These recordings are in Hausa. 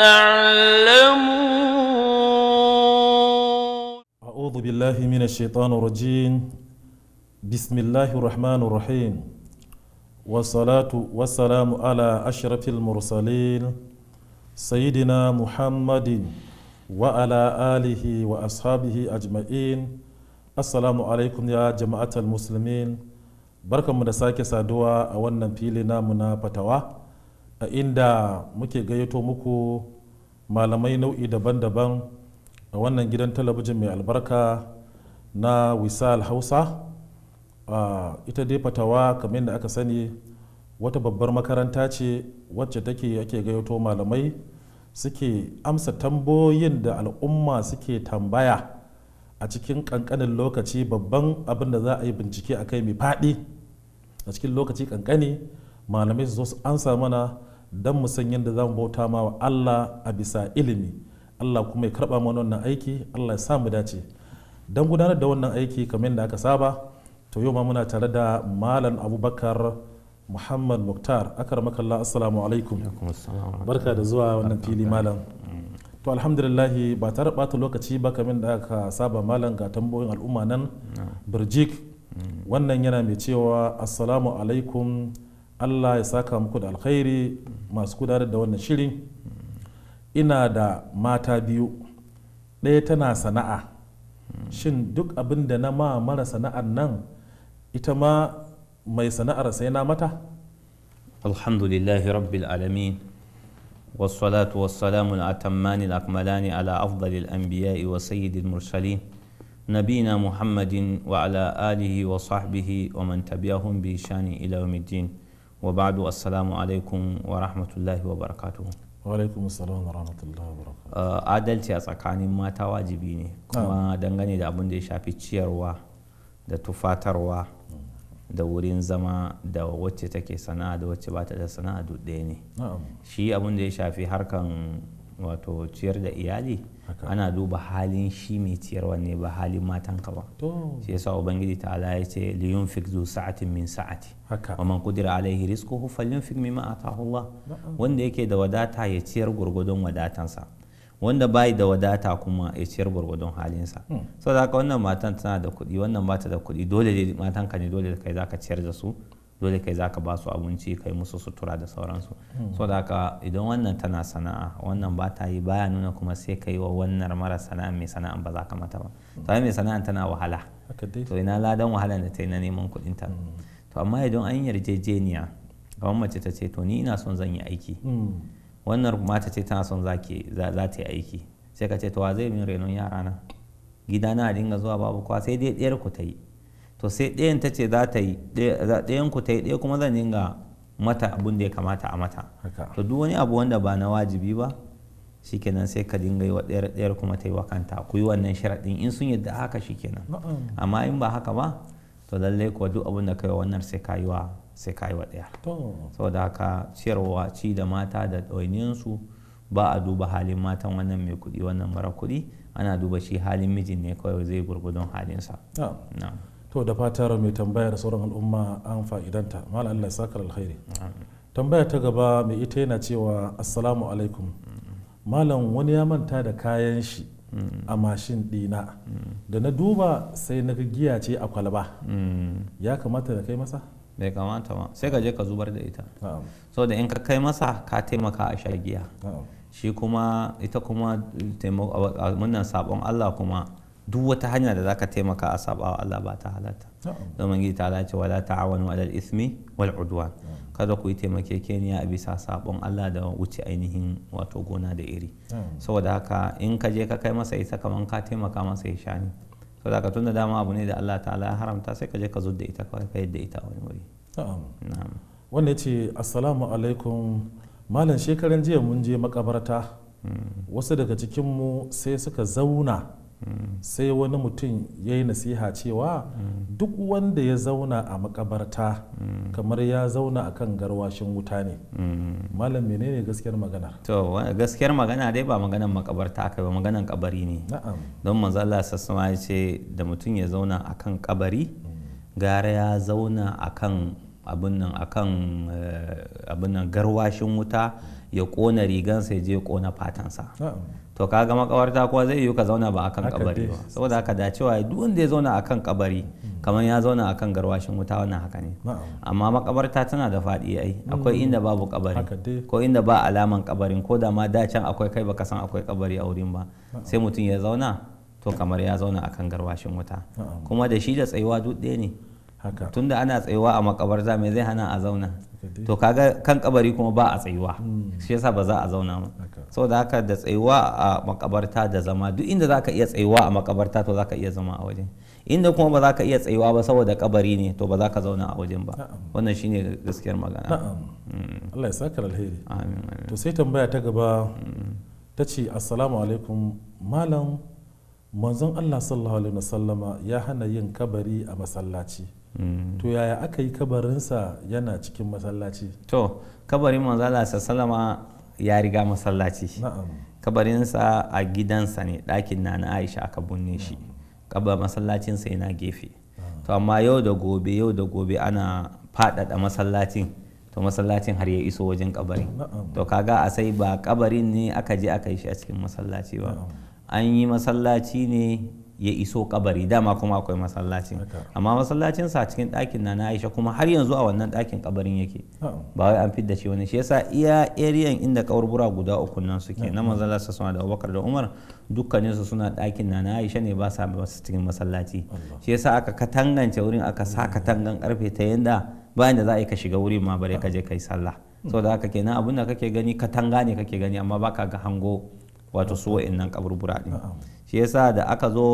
تعلمون أعوذ بالله من الشيطان الرجيم بسم الله الرحمن الرحيم والصلاة والسلام على أشرف المرسلين سيدنا محمد وعلى آله وأصحابه أجمعين assalamu alaikum ya jama'atar musulmin barkanmu da sake saduwa a wannan fili namu na fatawa a inda muke gayyato muku malamai nau'i daban-daban a wannan gidan talabijin mai albarka na wisal hausa ita dai fatawa kamar da aka sani wata babbar makaranta ce wacce take ake gayyato malamai suke amsa tambayoyin da al'umma suke tambaya a cikin kankanin lokaci babban abin da za a yi bincike a kai mai faɗi a cikin lokaci kankani malamai su zo su ansa mana don mu san yadda za mu bauta ma wa Allah a bisa ilimi Allah kuma ya karɓa mana wannan aiki Allah ya samu dace don gudanar da wannan aiki kamar da aka saba to yau ma muna tare da malam abubakar muhammad muktar akar makalla assalamu alaikum barka da zuwa wannan fili malam to alhamdulillahi ba tare bata lokaci ba kamar da aka saba malam ga tambayoyin al'umma nan birjik mm. wannan yana mai cewa assalamu alaikum allah ya saka muku da alkhairi masu gudanar da wannan shirin ina da mata biyu ɗaya tana sana'a shin duk abin da na ma mara sana'ar nan ita ma mai sana'ar sai na mata alhamdulillahi rabbil alamin والصلاة والسلام الأتمان الأكملان على أفضل الأنبياء وسيد المرسلين نبينا محمد وعلى آله وصحبه ومن تبعهم بإشان إلى يوم الدين wa ba'du assalamu alaikum wa rahmatullahi wa barakatuhu wa alaikum assalam wa rahmatullahi wa barakatuhu uh, adalci a tsakanin mata wajibi ne kuma dangane da abin da ya shafi ciyarwa da tufatarwa mm. da wurin zama da wacce take sana'a da wacce ba ta da sana'a duk ɗaya ne shi abin da ya shafi harkan wato ciyar da iyali ana duba halin shi mai ciyarwa ne ba halin matanka ba shi yasa ubangiji ala ya ce liyun fik zu sa'atin min sa'ati wa man kudira alaihi rizquhu falyunfik mimma atahu Allah wanda yake da wadata ya ciyar gurgudun wadatansa wanda bai da wadata kuma ya ciyar gurgudun halinsa hmm. saboda haka wannan matan tana da kuɗi wannan bata da kuɗi dole matan matanka ne dole kai zaka ciyar da su dole kai za ka ba su abinci kai musu sutura da sauransu hmm. so da haka idan wannan tana sana'a wannan ba ta yi baya nuna kuma sai ka yi wa wannan mara sana'a mai sana'a ba za ka mata ba hmm. to mai sana'a tana wahala to ina ladan wahala da ta yi na neman kuɗin ta hmm. to amma idan an yarjejeniya kamar mace ta ce to ni ina son zan yi aiki wannan mata ce tana son za ta yi aiki sai ka ce to wa zai min renon yara na gidana a dinga zuwa babu kwa sai dai ɗiyar ku ta yi to sai ɗayan ta ce za ta yi ɗayan ku ta yi ɗaya kuma zan dinga mata abun da ya kamata a mata to duk wani abu wanda ba na wajibi ba shikenan sai ka dinga yi wa ɗayar ɗayar kuma ta yi wa kanta ku yi wannan sharaɗin in sun yadda haka shikenan amma in ba haka ba to lallai kuwa duk abun da ka yi wannan sai ka yi wa sai ka yi wa ɗaya saboda haka ciyarwa ci da mata da ɗawainiyarsu ba a duba halin matan wannan mai kuɗi wannan mara kuɗi ana duba shi halin mijin ne kawai zai gurgudun halinsa. to da fatar mai tambayar sauran al'umma an fa'idanta malam Allah sakar alkhairi tambaya ta gaba mai ita yana cewa assalamu alaikum malam wani ya manta da kayan shi a mashin dina da na duba sai na giya ce a kwalba ya kamata da kai masa bai kamata ba sai ka je ka zubar da ita so da in ka kai masa ka taimaka a sha giya shi kuma ita kuma a munan sabon Allah kuma duk wata hanya da zaka taimaka a sabawa Allah ba ta halatta domin gidi ta halatta wala ta'awanu alal ismi wal udwan kada ku yi keniya a bisa sabon Allah da wuce ainihin wato gona da iri saboda haka in ka je ka kai masa ita kaman ka taimaka masa ya sha ne saboda haka da dama abu ne da Allah ta'ala ya haramta sai ka je ka zo da ita kawai ka yadda ita wani wuri wanda ya ce assalamu alaikum malam shekaran jiya mun je makabarta hmm. wasu daga cikinmu sai suka zauna sai wani mutum ya yi nasiha cewa duk wanda ya zauna a makabarta kamar ya zauna a kan garwashin wuta ne malam menene gaskiyar magana to gaskiyar magana dai ba maganan makabarta aka ba maganan kabari ne don manzala sassama ya ce da mutum ya zauna a kan kabari gara ya zauna a kan abinnan eh, garwashin wuta ya kona rigansa ya je ya kona fatansa to ka ga makawarta kuwa zai yiwu ka zauna ba akan kabari ba saboda haka da cewa duk wanda ya zauna akan kabari hmm. kamar ya zauna akan garwashin wuta wannan haka ne amma makabarta tana da faɗi ai akwai hmm. inda babu kabari ko inda ba alaman kabarin ko da ma da can akwai kai baka san akwai kabari a wurin ba sai mutum ya zauna to kamar ya zauna akan garwashin wuta kuma da shi da tsayuwa duk ɗaya ne tunda ana tsayuwa a makabarta me zai hana a zauna to kaga kan kabari kuma ba a tsayuwa hmm. shi yasa ba za a zauna ma da haka da tsayuwa a makabarta da zama duk inda zaka iya tsayuwa a makabarta to zaka iya zama a wajen inda kuma ba za ka iya tsayuwa ba saboda kabari ne to ba za ka zauna a wajen ba wannan shine gaskiyar magana hmm. Allah ya saka alheri to sai tambaya ta gaba hmm. ta ce assalamu alaikum malam manzon Allah sallallahu alaihi wasallama ya hana yin kabari a masallaci Mm. to yaya aka yi kabarinsa yana cikin masallaci to kabarin manzala salama ya riga masallaci kabarinsa a gidansa ne dakin na na aisha aka bunne shi kabar masallacinsa yana gefe to amma yau da gobe yau da gobe ana faɗaɗa masallacin to masallacin har ya iso wajen kabarin to kaga a sai ba kabarin ne aka je aka yi shi a cikin masallaci ba an yi masallaci ne ya iso kabari dama kuma akwai masallacin amma masallacin sa cikin ɗakin na Aisha kuma har yanzu a wannan ɗakin kabarin yake ba wai an fidda shi wani shi yasa iya area inda kaburbura guda uku nan suke na manzon Allah sallallahu da Abubakar da Umar dukkanin su suna ɗakin na Aisha ne ba sa cikin masallaci shi yasa aka katangance wurin aka sa mm. katangan karfe ta yanda bayan da za a yi ka shiga wurin ma bare ka je kai sallah mm. saboda haka kenan abin da kake gani katanga ne kake gani amma baka ga hango wato su wa'annan kaburbura din shi yasa da aka zo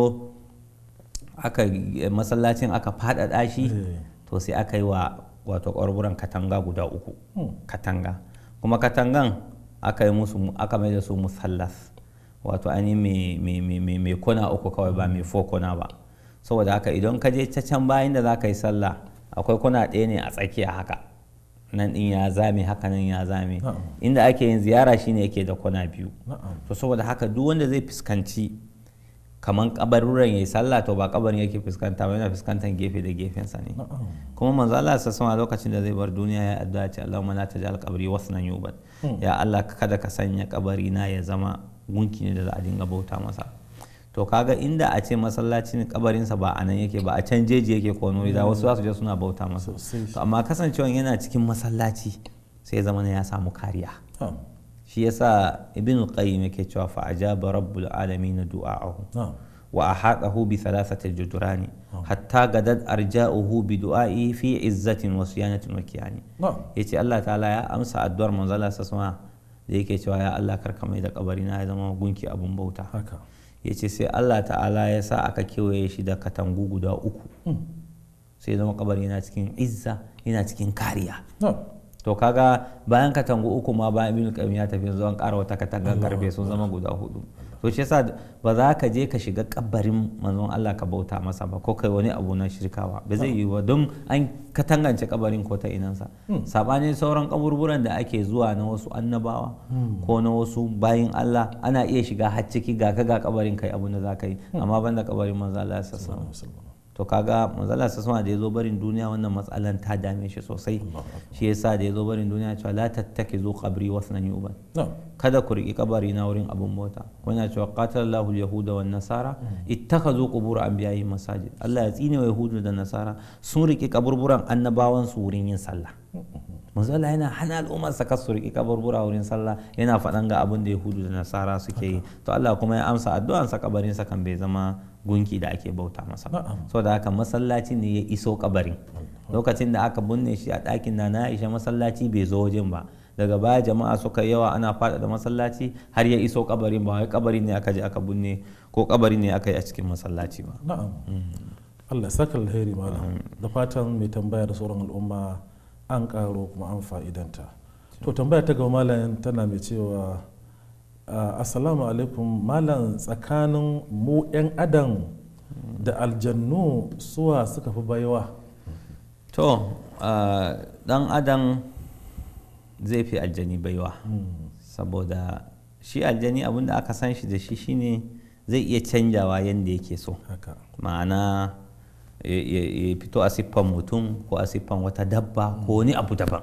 aka masallacin aka faɗaɗa shi eh. to sai aka yi wa wato ƙwarburan katanga guda uku hmm. katanga kuma katangan aka yi musu aka mai da su musallas wato ani mai kona uku kawai ba mai fo kona ba saboda haka idan ka je ta can bayan da za ka yi sallah akwai kuna ɗaya ne a tsakiya haka nan ɗin ya zame haka nan ya zame inda ake yin ziyara shine yake da kona biyu to saboda haka duk wanda zai fuskanci kamar ya yayi sallah to ba kabarin yake fuskanta ba yana fuskantar gefe da gefensa ne kuma manzo Allah sa sama lokacin da zai bar duniya ya addu'a ce Allahumma la taj'al qabri wasnan yubad hmm. ya Allah kada ka sanya kabari na ya zama gunki ne da za a dinga bauta masa to kaga inda a ce masallacin kabarinsa ba a nan yake ba a can jeji yake ko da wasu za su je suna bauta masa to amma kasancewan yana cikin masallaci sai ya zama ya samu kariya shi yasa ibn al-qayyim yake cewa fa ajaba rabbul alamin du'a'ahu wa ahatahu bi thalathati judrani hatta gadad arja'uhu bi du'a'i fi izzatin wa siyanatin wa kiyani yace Allah ta'ala ya amsa addu'ar manzon Allah sallallahu da yake cewa ya Allah karka mai da kabari na ya zama gunki abun bauta yace sai Allah ta'ala ya sa aka kewaye shi da katangu guda uku hmm. sai zama kabari na cikin izza yana cikin kariya to kaga bayan katangu uku ma bayan ibn qayyim ya tafi zuwa ƙara wata katangar karfe sun zama guda hudu to shi yasa ba za ka je ka shiga kabarin manzon Allah ka bauta masa ba ko kai wani abu na shirkawa ba zai yi ba don an katangance kabarin ko ta inansa hmm. sabanin sauran kaburburan da ake zuwa na wasu annabawa hmm. ko na wasu bayin Allah ana iya shiga har ciki ga ka ga kabarin kai abu na za ka yi hmm. amma banda kabarin manzon Allah sallallahu alaihi wasallam to kaga manzala sa suna da ya zo barin duniya wannan matsalan ta dame shi sosai shi yasa da ya zo barin duniya cewa la tattake zo kabri yi yuban kada ku riƙi kabari na wurin abun mota wani cewa qatalallahu yahuda wan nasara ita ka zo an biya yin masajid Allah ya tsine wa yahudu da nasara sun riƙi kaburburan annabawan su wurin yin sallah manzala yana hana al'ummar sa kasu riƙi kaburbura wurin sallah yana faɗan ga abin da yahudu da nasara suke yi to Allah kuma ya amsa addu'an sa kabarin sa kan bai zama gunki da ake bauta masa so da haka masallaci ne ya iso kabarin lokacin da aka binne shi a ɗakin na na isha masallaci bai zo wajen ba daga baya jama'a suka yawa ana faɗaɗa masallaci har ya iso kabarin ba wai kabarin ne aka je aka binne ko kabarin ne aka yi a cikin masallaci ba na'am mm. Allah saka alheri malam da fatan mai tambaya da sauran al'umma an karo kuma an fa'idanta to tambaya ta ga malam tana mai cewa Ah, assalamu alaikum malam tsakanin mu 'yan adam da aljannu suwa suka fi baiwa to dan ah, adam zai fi aljani baiwa saboda shi aljani abinda aka san shi da shi shine zai iya canjawa yadda yake so ma'ana ya fito a siffan mutum ko a siffan wata dabba ko wani abu daban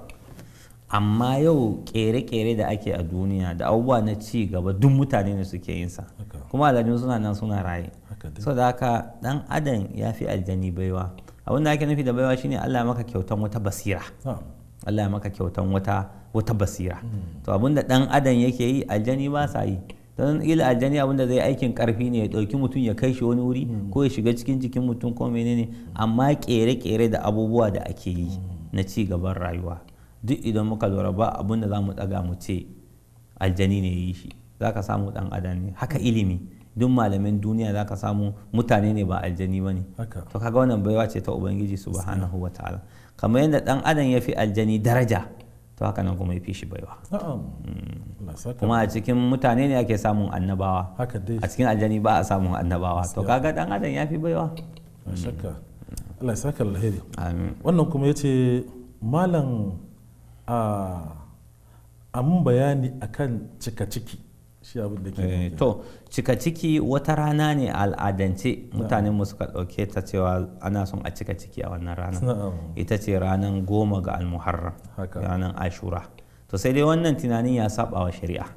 amma yau kere-kere da ake a duniya da abubuwa na ci gaba duk mutane ne suke yin sa kuma aladun suna nan suna raye so da haka dan adam ya fi aljani baiwa abin da ake nufi da baiwa shine Allah ya maka kyautan wata basira Allah ya maka kyautan wata basira hmm. to abinda da dan adam yake yi aljani ba sa yi don ila aljani abinda zai aikin karfi ne ya dauki mutum ya kai shi wani wuri hmm. ko ya shiga cikin jikin mutum ko menene amma kere-kere da abubuwa da ake yi hmm. na ci gaban rayuwa duk idan muka lura ba abin da za mu ɗaga mu ce aljani ne yi shi za ka samu ɗan adam ne haka ilimi duk malamin duniya za ka samu mutane ne ba aljani ba ne to kaga wannan baiwa ce ta ubangiji subhanahu wa ta'ala kamar yadda ɗan adam ya fi aljani daraja to haka nan kuma ya fi shi baiwa mm. kuma a cikin mutane ne ake samun annabawa a cikin aljani ba a samun annabawa to kaga ɗan adam ya fi baiwa Allah ya mm. saka alheri wannan kuma ya ce malam a mun bayani akan cika ciki shi abin da ke eh, to cika ciki wata rana ne al'adance mutanen mu suka ɗauke ta cewa ana son a cika ciki a wannan rana ita ce ranar goma ga almuharram ranar ashura to sai dai wannan tunanin ya saba wa shari'a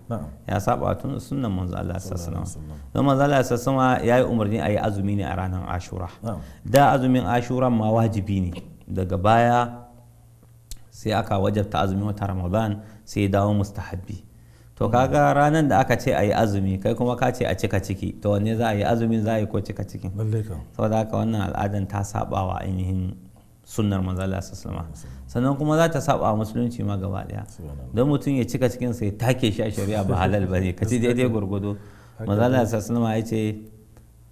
ya saba tun sunan manzo Allah sallallahu alaihi wasallam don manzo Allah sallallahu alaihi wasallam yayi umarni ayi azumi ne a ranar ashura da azumin ashura ma wajibi ne daga baya sai aka wajabta azumi wata ramadan sai ya dawo mustahabbi to kaga ranar da aka ce a yi azumi kai kuma ka ce a cika ciki to wanne za a yi azumin za a yi ko cika cikin saboda haka wannan al'adan ta saba wa ainihin sunnar manzala sallama sannan kuma za ta saba musulunci ma gaba daya don mutum ya cika cikin sai take shi a shari'a ba halal ba ne ka ci daidai gurgudu manzala sallama ya ce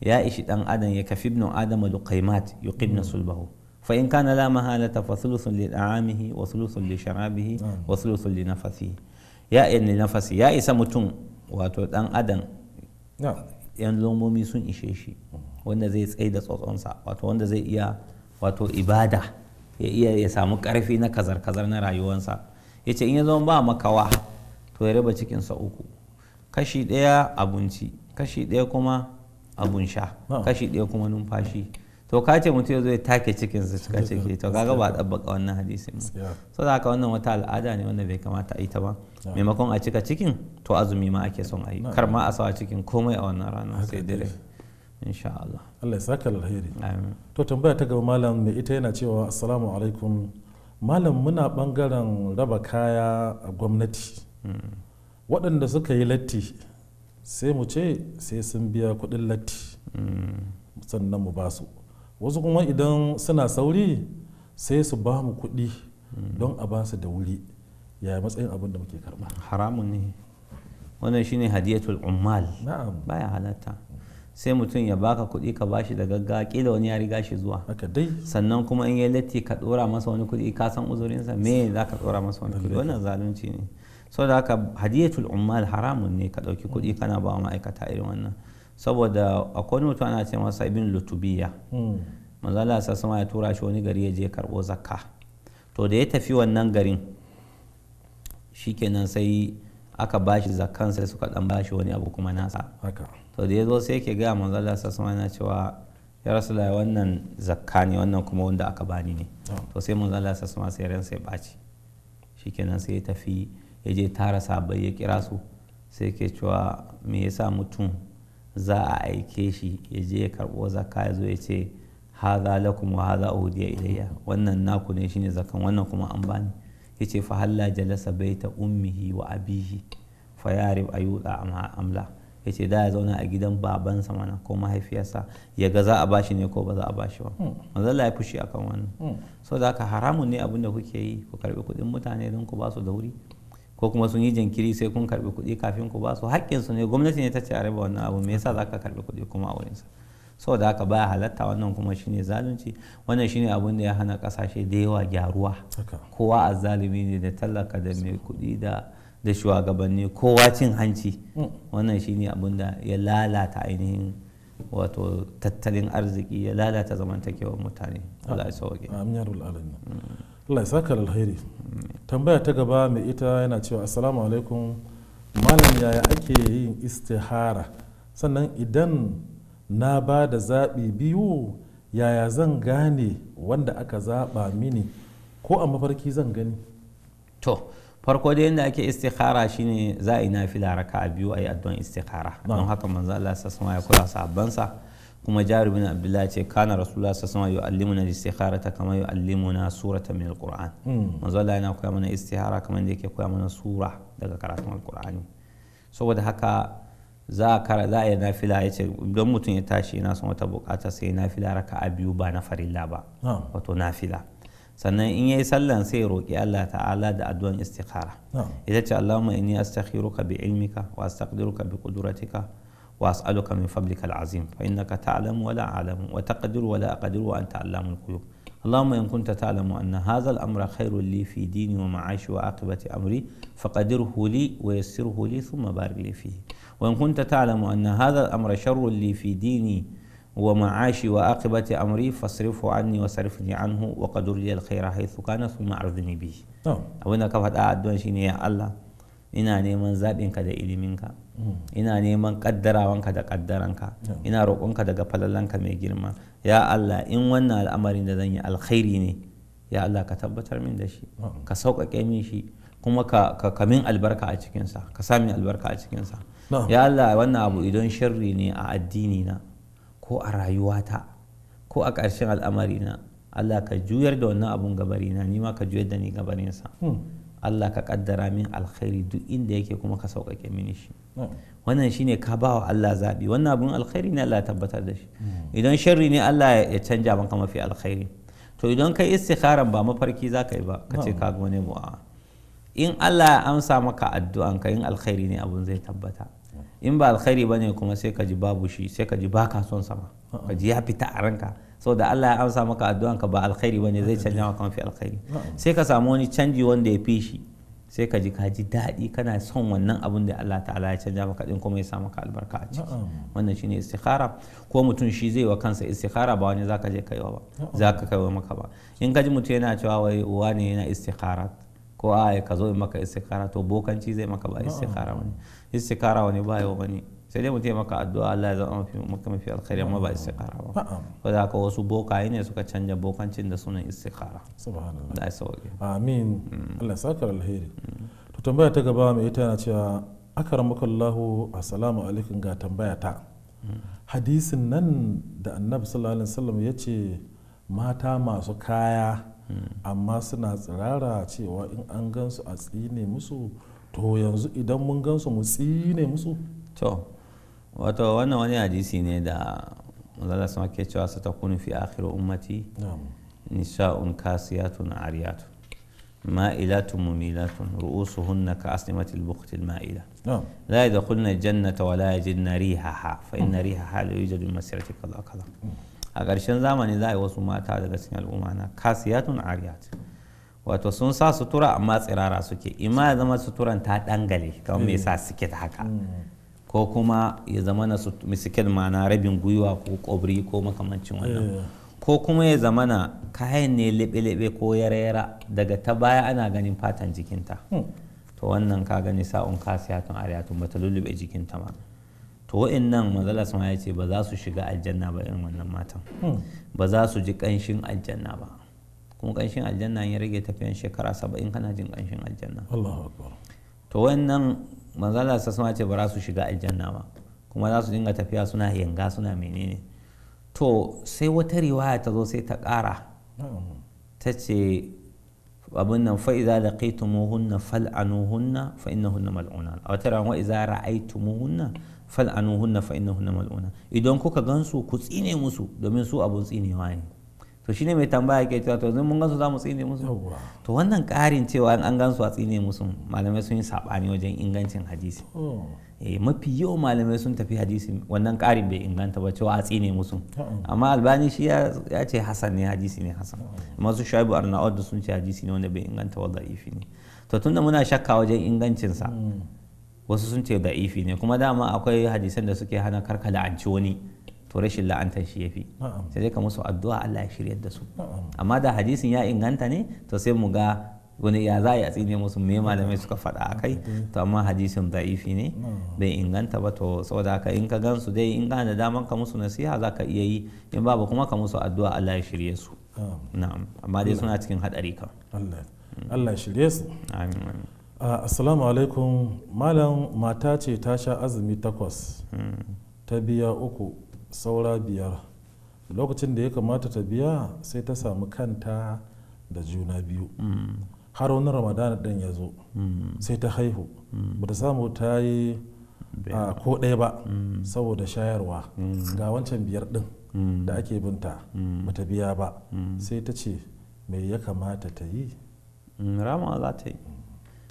ya ishi dan adam ya kafi ibn adam da qaimat yuqimna sulbahu fa in kana la mahalata fa thuluthun li da'amihi wa thuluthun li sharabihi wa thuluthun li nafasihi ya nafasi ya isa mutum wato adam yan lomomi sun ishe shi wanda zai tsaye da tsotsonsa wato wanda zai iya wato ibada ya iya ya samu karfi na kazar-kazar na rayuwansa ya ce in ya zama ba makawa to ya raba cikinsa uku kashi ɗaya abinci kashi ɗaya kuma abun sha kashi ɗaya kuma numfashi to ka ce mutum ya zo ya take cikin su suka ciki to kaga ba ɗabbaka wannan hadisi ba so da haka wannan wata al'ada ne wanda bai kamata a yi ta ba maimakon a cika cikin to azumi ma ake son a yi kar ma a sa cikin komai a wannan ranar sai dire insha Allah Allah ya saka alheri to tambaya ta gaba malam mai ita yana cewa assalamu alaikum malam muna bangaren raba kaya a gwamnati hmm. waɗanda suka yi latti sai mu ce sai sun biya kuɗin latti hmm. sannan mu ba su wasu kuma idan suna sauri sai su ba mu kuɗi don a ba su da wuri ya matsayin abin da muke karɓa haramun ne wannan shine hadiyatul ummal baya halatta sai mutum ya baka kuɗi ka bashi da gagga kila wani ya riga shi zuwa sannan kuma in ya latti ka ɗora masa wani kuɗi ka san uzurinsa me za ka ɗora masa wani kuɗi wannan zalunci ne saboda haka hadiyatul ummal haramun ne ka ɗauki kuɗi kana ba ma'aikata irin wannan saboda akwai mutum ana ce masa ibn lutubiya hmm. manzo Allah sa sama ya tura shi wani gari ya je karbo zakka to da ya tafi wannan garin shikenan sai aka bashi zakkan sai suka dan bashi wani abu kuma nasa to da ya zo sai yake gaya manzo Allah sa sama yana cewa ya rasula wannan zakka ne wannan kuma wanda aka bani ne oh. to sai manzo Allah sa sama sai ran sai baci shikenan sai ya tafi ya je tara sabai ya kira su sai ke cewa me yasa mutum za a aike shi ya je ya karɓo zaka ya zo ya ce haza lakum wa haza ya ilayya wannan naku ne shine zakan wannan kuma an bani yace fa halla jalasa baita ummihi wa abihi fa yarib ayuda amla yace da ya zauna a gidan babansa mana ko mahaifiyarsa ya ga za a bashi ne ko ba za a bashi ba hmm. manzo Allah ya fushi akan wannan hmm. so da haka haramun ne abin da kuke yi ku karbi kuɗin mutane don ku ba su da wuri ko kuma sun yi jinkiri sai kun karbi kuɗi kafin ku ba su haƙƙin su ne gwamnati ne ta ce a raba wannan abu me yasa zaka karbi kuɗi kuma a wurin sa saboda haka baya halatta wannan kuma shine zalunci wannan shine abin da ya hana kasashe da yawa gyaruwa kowa zalumi ne da tallaka da mai kuɗi da da shugabanni kowa cin hanci mm. wannan shine abin da ya lalata ainihin wato tattalin arziki ya lalata zamantakewar mutane Allah ya sauke amin ya rabbal alamin mm. Allah ya saka alheri tambaya ta gaba mai ita yana cewa assalamu alaikum malam yaya ake yin istihara sannan idan na ba da zaɓi biyu yaya zan gane wanda aka zaɓa mini ko a mafarki zan gani to farko dai yadda ake istihara shine za a yi nafila raka a biyu a yi addu'an istihara don haka manzo Allah ya kula koya abansa. kuma jabir bin abdullahi ce kana rasulullah sallallahu alaihi wasallam yu'allimuna istikharata kama yu'allimuna surata min alquran hmm. manzo Allah yana koya mana istihara kamar da yake koya mana sura daga karatun alqurani saboda haka za a kara za a yi nafila ya ce don mutum ya tashi yana son wata bukata sai nafila raka a biyu ba na farilla ba wato nafila sannan in yayi sallan sai ya roki Allah ta'ala da addu'an istikhara ita ce Allahumma inni astakhiruka bi ilmika wa astaqdiruka bi qudratika وأسألك من فضلك العظيم فإنك تعلم ولا أعلم وتقدر ولا أقدر وأنت علام القلوب اللهم إن كنت تعلم أن هذا الأمر خير لي في ديني ومعاشي وعاقبة أمري فقدره لي ويسره لي ثم بارك لي فيه وإن كنت تعلم أن هذا الأمر شر لي في ديني ومعاشي وعاقبة أمري فاصرفه عني وصرفني عنه وقدر لي الخير حيث كان ثم اعرضني به أو نعم. أنك فتاة الدنيا يا الله ina neman zaɓinka da iliminka hmm. ina neman ƙaddarawanka da ƙaddaranka hmm. ina roƙonka daga falallanka mai girma ya Allah in wannan al'amarin da zan yi alkhairi ne ya Allah ka tabbatar min da shi hmm. ka sauƙaƙe min shi kuma ka min albarka a cikinsa ka min albarka a cikinsa ya Allah wannan abu idan sharri ne a addini na ko a rayuwata ko a ƙarshen al'amari na Allah ka juyar da wannan abun gabarina ni ma ka juyar da ni gabarinsa Allah ka kaddara min alkhairi duk inda yake kuma ka sauƙaƙe mini shi wannan shine ka ba wa Allah zaɓi wannan abun alkhairi ne Allah ya tabbatar da shi idan sharri ne Allah ya canja maka mafi alkhairi to idan kai istikharan ba mafarki za ka yi ba ka ce ka ga wani mu'a in Allah ya amsa maka addu'an ka in alkhairi ne abun zai tabbata in ba alkhairi bane kuma sai ka ji babu shi sai ka ji baka son sama ka ji ya fita a ranka so da Allah ya amsa maka addu'an ka ba alkhairi bane zai canja maka mafi alkhairi sai ka samu wani canji wanda ya fi shi sai ka ji ka ji daɗi kana son wannan abin da Allah ta'ala ya canja maka din kuma ya sa maka albarka a ciki wannan shine istikhara ko mutum shi zai wa kansa istikhara ba wani zaka je kaiwa ba zaka kaiwa maka ba in ka ji mutum yana cewa wai wani yana istikharat ko a ka zo in maka istikhara to bokanci zai maka ba istikhara wani istikhara wani ba yau bane sai dai mutum maka addu'a Allah ya zama maka mafi alkhairi amma ba istikhara ba ko da haka wasu bokaye ne suka canja bokancin da sunan istikhara subhanallah mm. da sauki amin Allah saka alheri to tambaya ta gaba mai ita na cewa Allah assalamu alaikum ga tambaya ta mm. hadisin nan da annabi sallallahu alaihi wasallam ya ce mata masu kaya mm. amma suna tsirara cewa in an gansu a tsine musu to yanzu idan mun gansu mu tsine musu to واتو وانا وانا حديثي ني دا الله سبحانه كيتشوا ستكون في اخر امتي نعم نساء كاسيات عاريات مائلات مميلات رؤوسهن كعصمة البخت المائلة نعم لا يدخلن الجنة ولا يجدن ريحها فإن مم. نعم. ريحها لا يوجد من مسيرة كذا كذا نعم. أقر شن زمان إذا يوصوا ما تعدد سنة الأمانة كاسيات عاريات واتوسون ساسو ترى ما سرى راسوكي إما إذا ما سترى انتهت أنقلي كأمي نعم. ساسكت حكا ko kuma ya zama na misikin ma'ana rabin gwiwa ko kobri ko makamancin wannan eh. ko kuma ya zama na kayan ne lebe-lebe ko yara-yara daga ta baya ana ganin fatan jikinta hmm. to wannan ka gani sa'un ariya ariyatun bata lullube jikinta ma to nan mazalas ma ya ce ba za su shiga aljanna ba irin wannan matan hmm. ba za su ji kanshin aljanna ba kuma kanshin aljanna ya rage tafiyan shekara saba'in kana jin kanshin aljanna to wannan manzala sa sama ce ba za su shiga aljanna ba kuma za su dinga tafiya suna yanga suna menene to sai wata riwaya ta zo sai ta kara ta ce abin nan fa'iza da qaitumuhunna fal'anuhunna fa innahunna mal'una a wata wa iza ra'aitumuhunna fal'anuhunna fa innahunna mal'una idan kuka gansu ku tsine musu domin su abun tsinewa ne to shi ne mai tambaya ke cewa to mun gansu za mu tsine musu to wannan ƙarin cewa an gansu a tsine musu malamai sun yi saɓani wajen ingancin hadisi oh. eh, mafi yau malamai sun tafi hadisi wannan ƙarin bai inganta ba cewa a tsine musu amma albani shi ya ce hasan ne hadisi ne hasan oh. masu shaibu arnaud sun ce hadisi ne wanda bai inganta wa da'ifi ne to tunda muna shakka wajen ingancinsa hmm. wasu sun ce da'ifi ne kuma dama akwai hadisan da suke hana karka ci wani to rashin la'antar shi fi sai dai ka musu addu'a Allah ya shiryar da su amma da hadisin ya inganta ne to sai mu ga wani ya za a yi tsine musu me malamai suka faɗa a kai to amma hadisin da'ifi ne bai inganta ba to saboda haka in ka gansu dai in gane da daman ka musu nasiha za ka iya yi in babu kuma ka musu addu'a Allah ya shirye su na'am amma dai suna cikin hadari ka. Allah shirye su assalamu alaikum malam mata ce ta sha azumi takwas hmm. ta biya uku saura biyar lokacin da ya kamata ta biya sai ta samu kanta da juna biyu mm. har wani ramadana ɗin ya zo mm. sai ta haihu mm. ba ta samu ta yi ah, ko ɗaya ba saboda shayarwa ga wancan biyar ɗin da ake binta ba ta biya ba sai ta ce me ya kamata ta yi rama za ta yi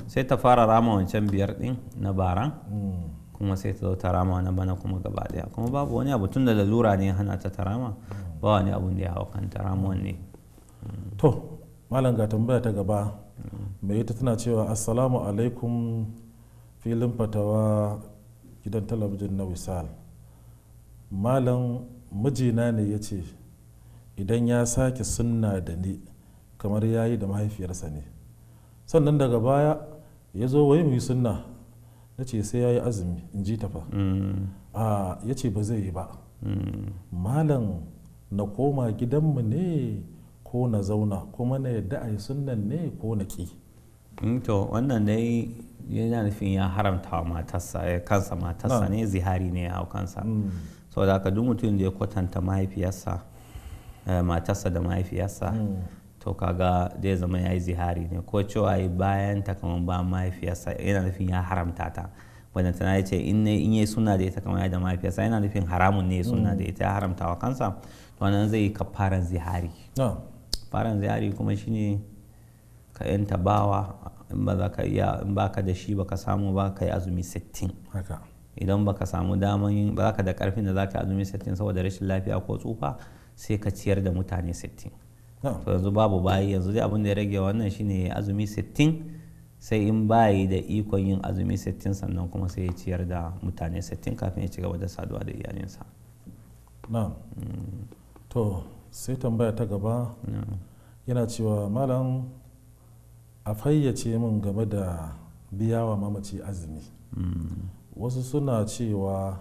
sai ta fara rama wancan biyar ɗin na baran kuma sai ta zo ta rama na bana kuma gaba daya kuma babu wani abu tun da lalura ne hana ta tarama ba wani abu da ya hau kan ne to malam ga tambaya ta gaba mai ita tana cewa assalamu alaikum filin fatawa gidan talabijin na wisal malam mijina ne ya ce idan ya sake sunna da ni kamar ya yi da mahaifiyarsa ne sannan daga baya ya zo wai mu yi sunna na ce sai ya yi azumi in ji ta fa mm. ya ce ba zai yi ba mm. malam na koma gidanmu ne ko na zauna kuma na yadda a yi sunan ne ko na ki mm, to wannan dai yana nufin ya haramta wa matarsa eh, kansa matarsa ne zihari ne ya hau kansa saboda haka duk mutum da ya kwatanta mahaifiyarsa eh, matarsa da mahaifiyarsa to kaga zai zama ya yi zihari ne ko cewa yi bayan ta kama ba mahaifiyarsa yana nufin ya haramta ta wanda tana ya ce in yi suna da ita kama ya da mahaifiyarsa yana nufin haramun ne suna da ita ya haramta wa kansa to zai yi faran zihari faran zihari kuma shine ka yanta bawa in ba za ka iya in ka da shi ba ka samu ba ka yi azumi 60 idan ba ka samu daman ba za ka da karfin da za ka yi azumi sittin saboda rashin lafiya ko tsufa sai ka ciyar da mutane sittin. yanzu babu bayi yanzu dai abin ya rage wannan shine azumi 60 sai in bayi da ikon yin azumi 60 sannan kuma sai ya ciyar da mutane 60 kafin ya ci gaba da saduwa da iyalinsa na'am mm. to sai tambaya ta gaba yana cewa malam a fayyace min game da biya wa mamaci azumi mm. wasu suna cewa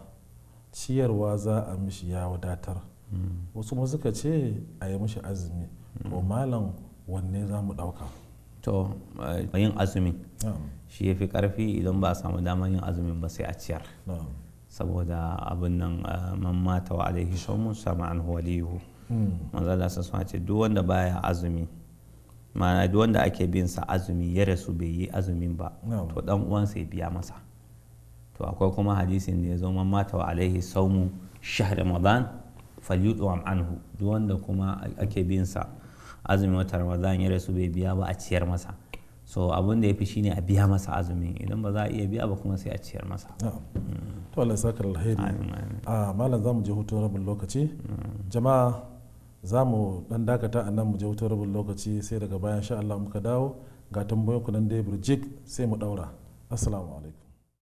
ciyarwa za a mishi ya wadatar mm. wasu ma suka ce a yi mishi azumi to malam wanne za mu ɗauka to eh, yin azumi shi ya fi ƙarfi idan ba a samu damar yin azumin ba sai a ciyar saboda abin nan eh, mamata wa alaihi shawmun sama an waliyu hmm. manzo da sassan ce duk wanda baya azumi ma'ana duk wanda ake bin sa azumi ya rasu bai yi azumin ba to dan uwansa ya biya masa to akwai kuma hadisin da ya zo mamata wa alaihi saumu shahr ramadan anhu duk wanda kuma ake bin sa azumin wata ramadan ya rasu bai biya ba a ciyar masa so abin da ya fi shine a biya masa azumi idan ba za a iya biya ba kuma sai a ciyar masa ah. to Allah ya saka alheri a ah, malam zamu je hutun rabin lokaci jama'a za mu dan dakata a nan mu je hutun rabin lokaci sai daga bayan sha Allah muka dawo ga ku nan dai burjik sai mu daura assalamu alaikum